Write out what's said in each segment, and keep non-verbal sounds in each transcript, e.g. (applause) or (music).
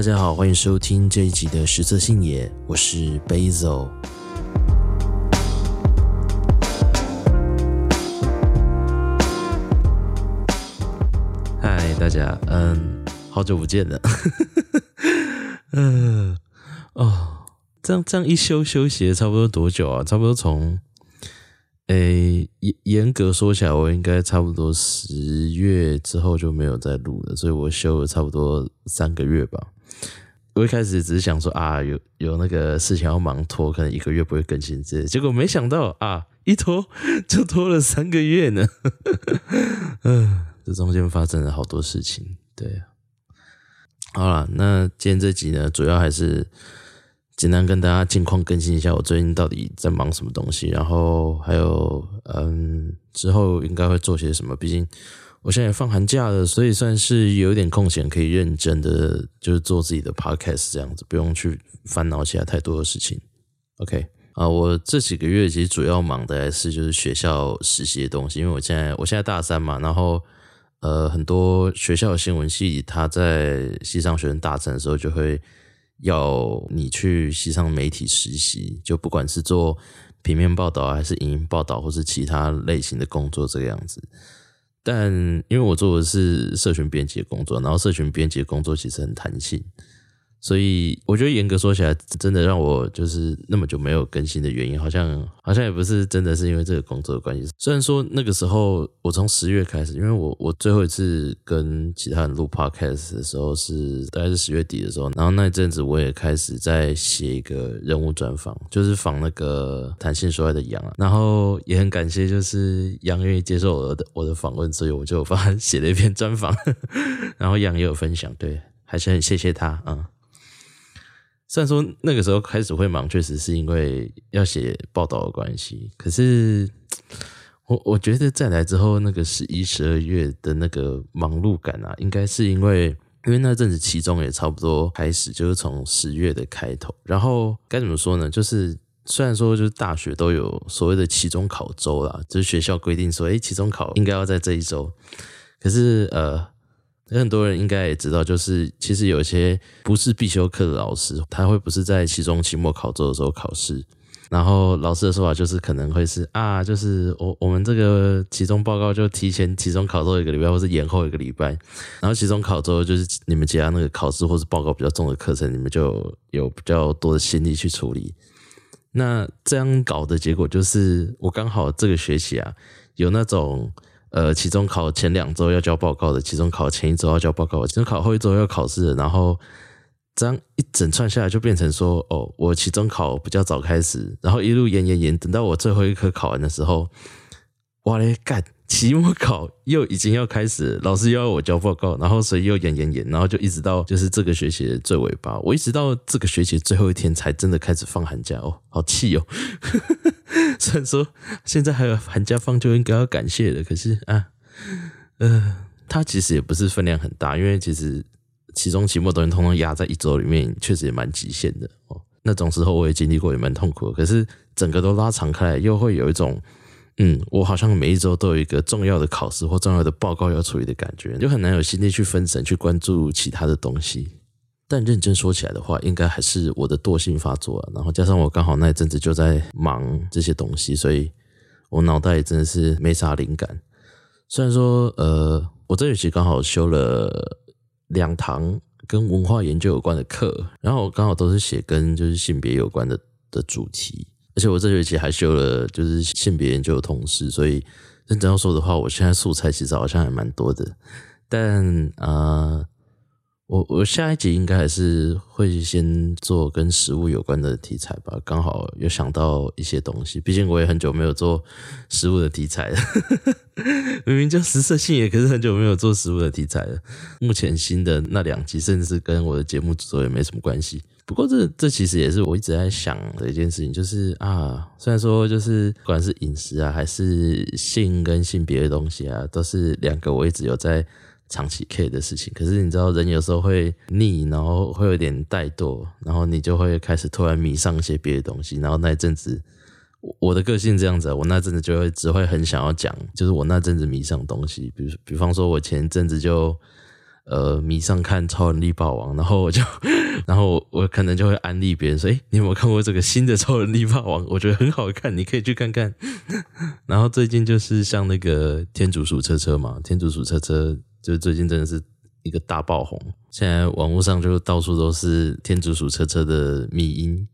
大家好，歡迎收聽這一集的食色性也，我是 Basil。嗨，大家，嗯，好久不見了，嗯、 (laughs) 呃，哦，這樣這樣一休休息了差不多多久啊？差不多從，誒，嚴格說起來，我應該差不多十月之後就沒有再錄了，所以我休了差不多三個月吧。我一開始只是想說啊，有有那個事情要忙拖，可能一個月不會更新之類的，結果沒想到啊，一拖就拖了三個月呢。嗯， (laughs) 這中間發生了好多事情，對啊。好啦，那今天這集呢，主要還是簡單跟大家近況更新一下，我最近到底在忙什麼東西，然後還有嗯，之後應該會做些什麼，畢竟。我現在放寒假了，所以算是有一點空閒，可以認真的就是做自己的 podcast 這樣子，不用去煩惱起來太多的事情。OK，啊，我這幾個月其實主要忙的還是就是學校實習的東西，因為我現在我現在大三嘛，然後呃，很多學校的新聞系，他在系上學生大三的時候就會要你去系上媒體實習，就不管是做平面報道還是影音報道，或是其他類型的工作，這個樣子。但因為我做的是社群編輯的工作，然後社群編輯的工作其實很彈性。所以我覺得嚴格說起來，真的讓我就是那麼久沒有更新的原因，好像好像也不是真的是因為這個工作的關係。雖然說那個時候我從十月開始，因為我我最後一次跟其他人錄 podcast 的時候是大概是十月底的時候，然後那一陣子我也開始在寫一個人物專訪，就是訪那個談性說愛的楊啊。然後也很感謝，就是楊願意接受我的我的訪問，所以我就幫他寫了一篇專訪。然後楊也有分享，對，還是很謝謝他啊。嗯雖然說那個時候開始會忙，確實是因為要寫報道的關係。可是我我覺得再來之後，那個十一、十二月的那個忙碌感啊，應該是因為因為那陣子期中也差不多開始，就是從十月的開頭。然後該怎麼說呢？就是雖然說就是大學都有所謂的期中考周啦，就是學校規定說，誒，期中考應該要在這一周。可是呃。有很多人應該也知道，就是其實有一些不是必修課的老師，他會不是在期中期末考周的時候考試。然後老師的說法就是，可能會是啊,就是我我們這個期中報告就提前期中考周一個禮拜，或是延後一個禮拜。然後期中考周就是你們其他那個考試或是報告比較重的課程，你們就有比較多的心力去處理。那這樣搞的結果就是，我剛好這個學期啊，有那種。呃，期中考前兩週要交報告的，期中考前一週要交報告的，期中考後一週要考試的，然後這樣一整串下來就變成說，哦，我期中考比較早開始，然後一路延延延，等到我最後一科考完的時候，哇嘞幹！期末考又已經要開始了，老師又要我交報告，然後所以又延延延，然後就一直到就是這個學期的最尾巴，我一直到這個學期的最後一天才真的開始放寒假哦，好氣哦！ (laughs) 雖然說現在還有寒假放，就應該要感謝的，可是啊，嗯、呃，它其實也不是分量很大，因為其實期中期末都能通通壓在一周裡面，確實也蠻極限的哦。那種時候我也經歷過，也蠻痛苦的，可是整個都拉長開來，又會有一種。嗯，我好像每一週都有一個重要的考試或重要的報告要處理的感覺，就很難有心力去分神去關注其他的東西。但認真說起來的話，應該還是我的惰性發作啊，然後加上我剛好那一陣子就在忙這些東西，所以我腦袋也真的是沒啥靈感。雖然說，呃，我這學期剛好修了兩堂跟文化研究有關的課，然後我剛好都是寫跟就是性別有關的的主題。而且我這學期還修了就是性別研究的通識，所以認真要說的話，我現在素材其實好像還蠻多的，但啊。呃我我下一集應該還是會先做跟食物有關的題材吧，剛好又想到一些東西，畢竟我也很久沒有做食物的題材了。 (laughs) 明明叫食色性也，可是很久沒有做食物的題材了。目前新的那兩集，甚至是跟我的節目組也沒什麼關係。不過這這其實也是我一直在想的一件事情，就是啊，雖然說就是不管是飲食啊，還是性跟性別的東西啊，都是兩個我一直有在。長期 care 的事情，可是你知道人有時候會膩，然後會有點怠惰，然後你就會開始突然迷上一些別的東西。然後那一陣子，我的個性這樣子，我那陣子就會只會很想要講，就是我那陣子迷上東西，比如比方說，我前陣子就呃迷上看《超人力霸王》，然後我就，然後我，我可能就會安利別人說：“哎，你有沒有看過這個新的《超人力霸王》？我覺得很好看，你可以去看看。”然後最近就是像那個《天竺鼠車車》嘛，《天竺鼠車車》。就最近真的是一個大爆紅，現在網絡上就到處都是天竺鼠車車的迷因，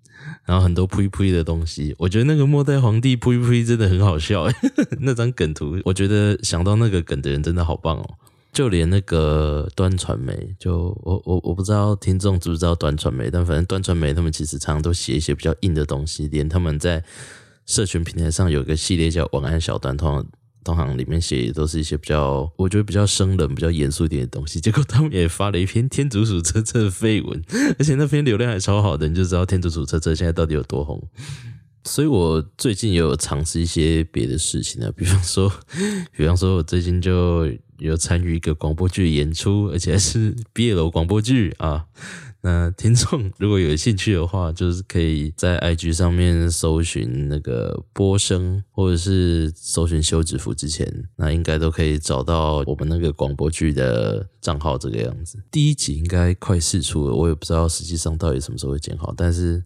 然後很多噗一噗一的東西。我覺得那個末代皇帝噗一噗一真的很好笑，欸， (laughs) 那張梗圖，我覺得想到那個梗的人真的好棒哦，喔。就連那個端傳媒，就我我我不知道聽眾知不知道端傳媒，但反正端傳媒他們其實常常都寫一些比較硬的東西，連他們在社群平台上有一個系列叫“晚安小端”通同行裡面寫的都是一些比較，我覺得比較生冷、比較嚴肅一點的東西。結果他們也發了一篇天竺鼠車車的廢文，而且那篇流量還超好的，你就知道天竺鼠車車現在到底有多紅。所以我最近也有嘗試一些別的事情啊，比方說，比方說，我最近就有參與一個廣播劇演出，而且還是 BL 廣播劇啊。那聽眾如果有興趣的話，就是可以在 IG 上面搜尋那個播聲，或者是搜尋休止符之前，那應該都可以找到我們那個廣播劇的賬號。這個樣子，第一集應該快釋出了，我也不知道實際上到底什麼時候會剪好，但是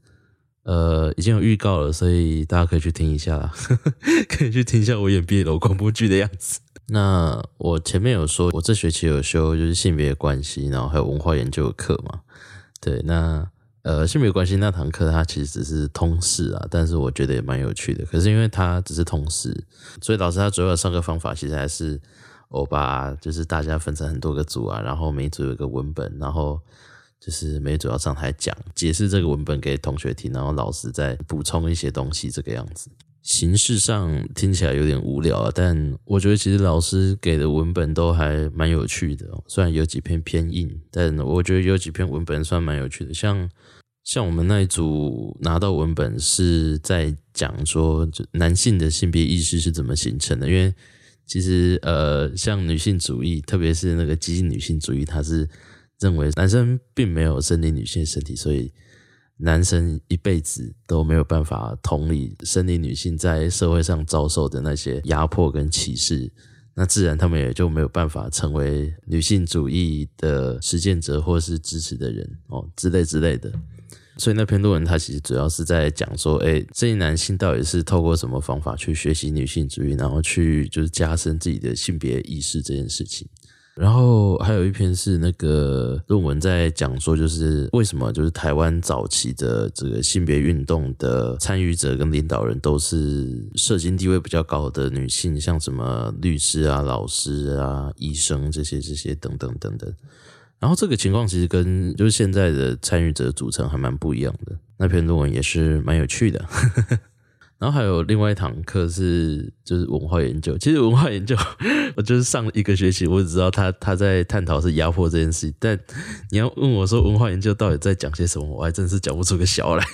呃已經有預告了，所以大家可以去聽一下啦， (laughs) 可以去聽一下我演畢業廣播劇的樣子。那我前面有說，我這學期有修就是性別的關係，然後還有文化研究的課嘛。對，那呃，性別關係。那堂課它其實只是通識啊，但是我覺得也蠻有趣的。可是因為它只是通識，所以老師他主要上課方法其實還是我把、啊、就是大家分成很多個組啊，然後每組有一個文本，然後就是每組要上台講解釋這個文本給同學聽，然後老師再補充一些東西，這個樣子。形式上聽起來有點無聊啊，但我覺得其實老師給的文本都還蠻有趣的。雖然有幾篇偏硬，但我覺得有幾篇文本算蠻有趣的。像像我們那一組拿到文本是在講說男性的性別意識是怎麼形成的，因為其實呃，像女性主義，特別是那個激進女性主義，它是認為男生並沒有生理女性身體，所以。男生一輩子都沒有辦法同理生理女性在社會上遭受的那些壓迫跟歧視，那自然他們也就沒有辦法成為女性主義的實踐者或是支持的人哦之類之類的。所以那篇論文它其實主要是在講說，哎，這一男性到底是透過什麼方法去學習女性主義，然後去就是加深自己的性別意識這件事情。然後還有一篇是那個論文，在講說就是為什麼就是台灣早期的這個性別運動的參與者跟領導人都是社經地位比較高的女性，像什麼律師啊、老師啊、醫生啊、醫生這些這些等等等等。然後這個情況其實跟就是現在的參與者組成還蠻不一樣的。那篇論文也是蠻有趣的。 (laughs) 然後還有另外一堂課是就是文化研究，其實文化研究我就是上了一個學期，我只知道他他在探討是壓迫這件事，但你要問我說文化研究到底在講些什麼，我還真是講不出個小來。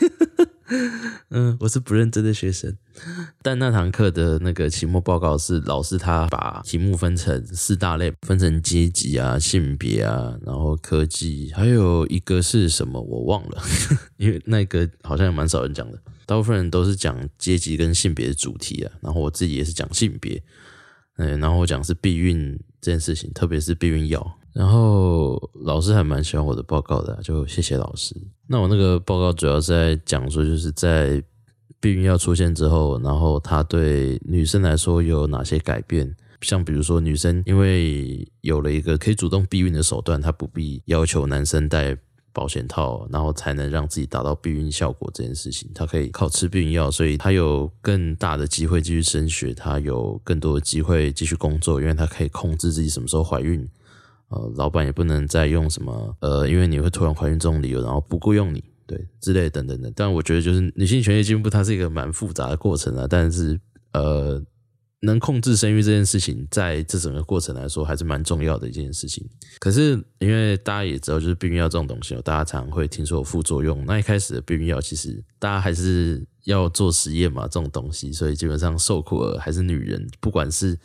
(laughs) 嗯，我是不認真的學生。但那堂課的那個期末報告是老師他把題目分成四大類，分成階級啊、性別啊，然後科技，還有一個是什麼我忘了， (laughs) 因為那個好像也蠻少人講的。大部分人都是講階級跟性別的主題啊，然後我自己也是講性別，嗯，然後我講的是避孕這件事情，特別是避孕藥。然後老師還蠻喜歡我的報告的啊，就謝謝老師。那我那個報告主要是在講說，就是在避孕藥出現之後，然後它對女生來說有哪些改變？像比如說，女生因為有了一個可以主動避孕的手段，她不必要求男生戴。保險套，然後才能讓自己達到避孕效果這件事情，他可以靠吃避孕藥，所以他有更大的機會繼續升學，他有更多的機會繼續工作，因為他可以控制自己什麼時候懷孕。呃，老闆也不能再用什麼呃，因為你會突然懷孕這種理由，然後不僱傭你，對，之類等等的。但我覺得就是女性權益進步，它是一個蠻複雜的過程啊，但是呃。能控制生育這件事情，在這整個過程來說，還是蠻重要的一件事情。可是因為大家也知道，就是避孕藥這種東西，大家常會聽說有副作用。那一開始的避孕藥，其實大家還是要做實驗嘛，這種東西，所以基本上受苦了還是女人。不管是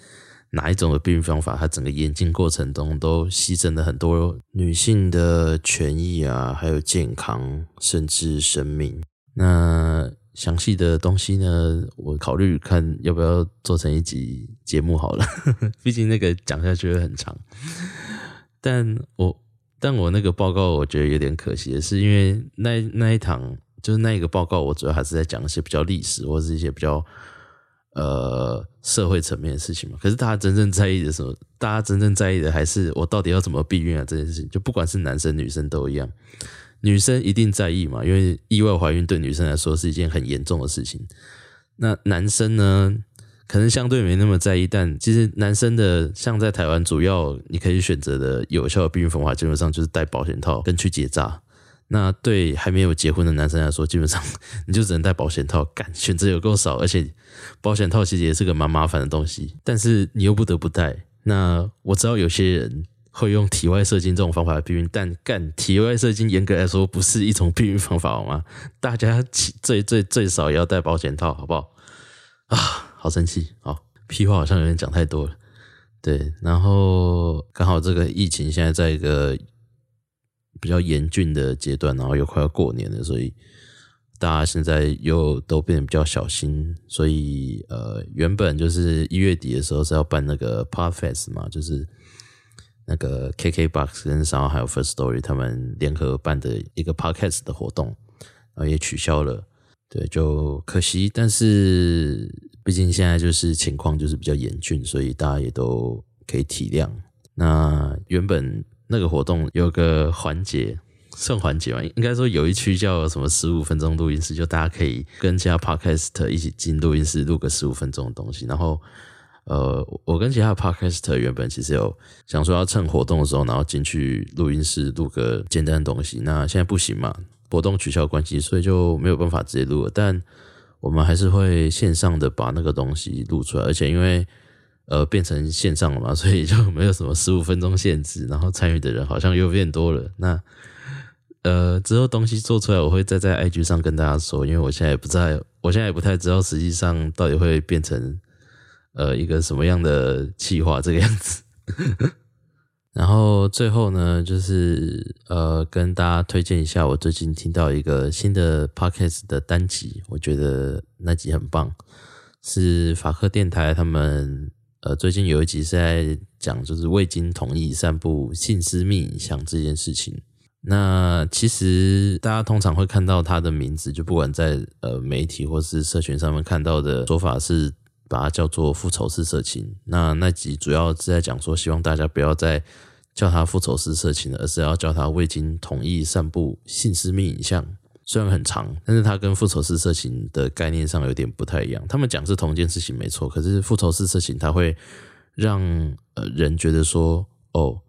哪一種的避孕方法，它整個演進過程中都犧牲了很多女性的權益啊，還有健康，甚至生命。那詳細的東西呢，我考慮看要不要做成一集節目好了， (laughs) 畢竟那個講下去會很長。但我但我那個報告，我覺得有點可惜的是，因為那那一堂就是那一個報告，我主要還是在講一些比較歷史或者是一些比較呃社會層面的事情嘛。可是大家真正在意的時候，大家真正在意的還是我到底要怎麼避孕啊？這件事情，就不管是男生女生都一樣。女生一定在意嘛，因為意外懷孕對女生來說是一件很嚴重的事情。那男生呢，可能相對沒那麼在意，但其實男生的像在台灣，主要你可以選擇的有效的避孕方法，基本上就是戴保險套跟去結紮。那對還沒有結婚的男生來說，基本上你就只能戴保險套，幹，選擇有夠少，而且保險套其實也是個蠻麻煩的東西，但是你又不得不戴。那我知道有些人。會用體外射精這種方法來避孕，但幹體外射精嚴格來說不是一種避孕方法好嗎？大家最最最少也要戴保險套，好不好？啊，好生氣哦！屁話好像有點講太多了。對，然後剛好這個疫情現在在一個比較嚴峻的階段，然後又快要過年了，所以大家現在又都變得比較小心。所以呃，原本就是一月底的時候是要辦那個 PodFest 嘛，就是。那個 KKBox 跟 SoundOn 還有 First Story 他們聯合辦的一個 Podcast 的活動，然後也取消了，對，就可惜。但是畢竟現在就是情況就是比較嚴峻，所以大家也都可以體諒。那原本那個活動有個環節，算環節吧，應該說有一區叫什麼十五分鐘錄音室，就大家可以跟其他 Podcast 一起進錄音室錄個十五分鐘的東西，然後。呃，我跟其他 podcaster 原本其實有想說要趁活動的時候，然後進去錄音室錄個簡單的東西。那現在不行嘛，活動取消關係，所以就沒有辦法直接錄了。但我們還是會線上的把那個東西錄出來。而且因為呃變成線上了嘛，所以就沒有什麼十五分鐘限制，然後參與的人好像又變多了。那呃之後東西做出來，我會再在，在 IG 上跟大家說。因為我現在也不在，我現在也不太知道實際上到底會變成。呃，一個什麼樣的企劃這個樣子？ (laughs) 然後最後呢，就是呃，跟大家推薦一下，我最近聽到一個新的 podcast 的單集，我覺得那集很棒，是法克電台他們呃最近有一集是在講就是未經同意散布性私密影像這件事情。那其實大家通常會看到他的名字，就不管在呃媒體或是社群上面看到的說法是。把它叫做復仇式色情。那那集主要是在講說，希望大家不要再叫他復仇式色情了，而是要叫他未經同意散布性私密影像。雖然很長，但是它跟復仇式色情的概念上有點不太一樣。他們講是同一件事情沒錯，可是復仇式色情它會讓、呃、人覺得說，哦，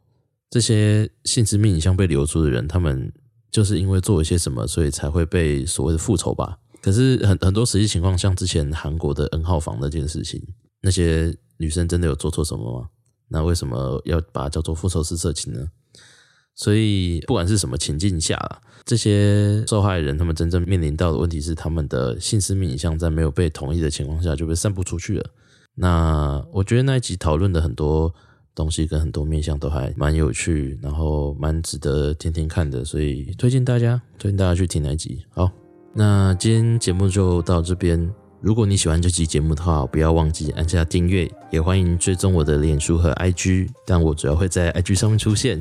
這些性私密影像被流出的人，他們就是因為做一些什麼，所以才會被所謂的復仇吧。可是很很多實際情況，像之前韓國的 N 號房那件事情，那些女生真的有做錯什麼嗎？那為什麼要把它叫做復仇式色情呢？所以不管是什麼情境下，這些受害人他們真正面臨到的問題是他們的性私密影像在沒有被同意的情況下就被散布出去了。那我覺得那一集討論的很多東西跟很多面向都還蠻有趣，然後蠻值得聽聽看的，所以推薦大家推薦大家去聽那一集。好。那今天節目就到這邊。如果你喜歡這期節目的話，不要忘記按下訂閱，也歡迎追蹤我的臉書和 IG。但我主要會在 IG 上面出現。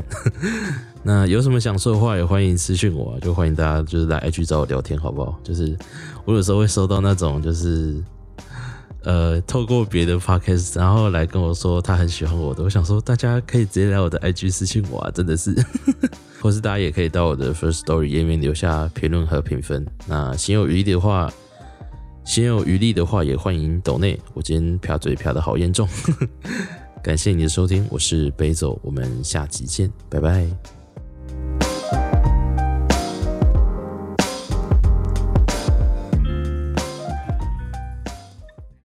(laughs) 那有什麼想說的話，也歡迎私訊我啊，就歡迎大家就是來 IG 找我聊天，好不好？就是我有時候會收到那種就是呃透過別的 podcast，然後來跟我說他很喜歡我的。我想說，大家可以直接來我的 IG 私信我啊，真的是。 (laughs) 或是大家也可以到我的 Firstory 頁面留下評論和評分。那行有餘力的話，行有餘力的話，也歡迎抖內。我今天漂嘴漂的好嚴重， (laughs) 感謝你的收聽，我是北走，我們下集見，拜拜。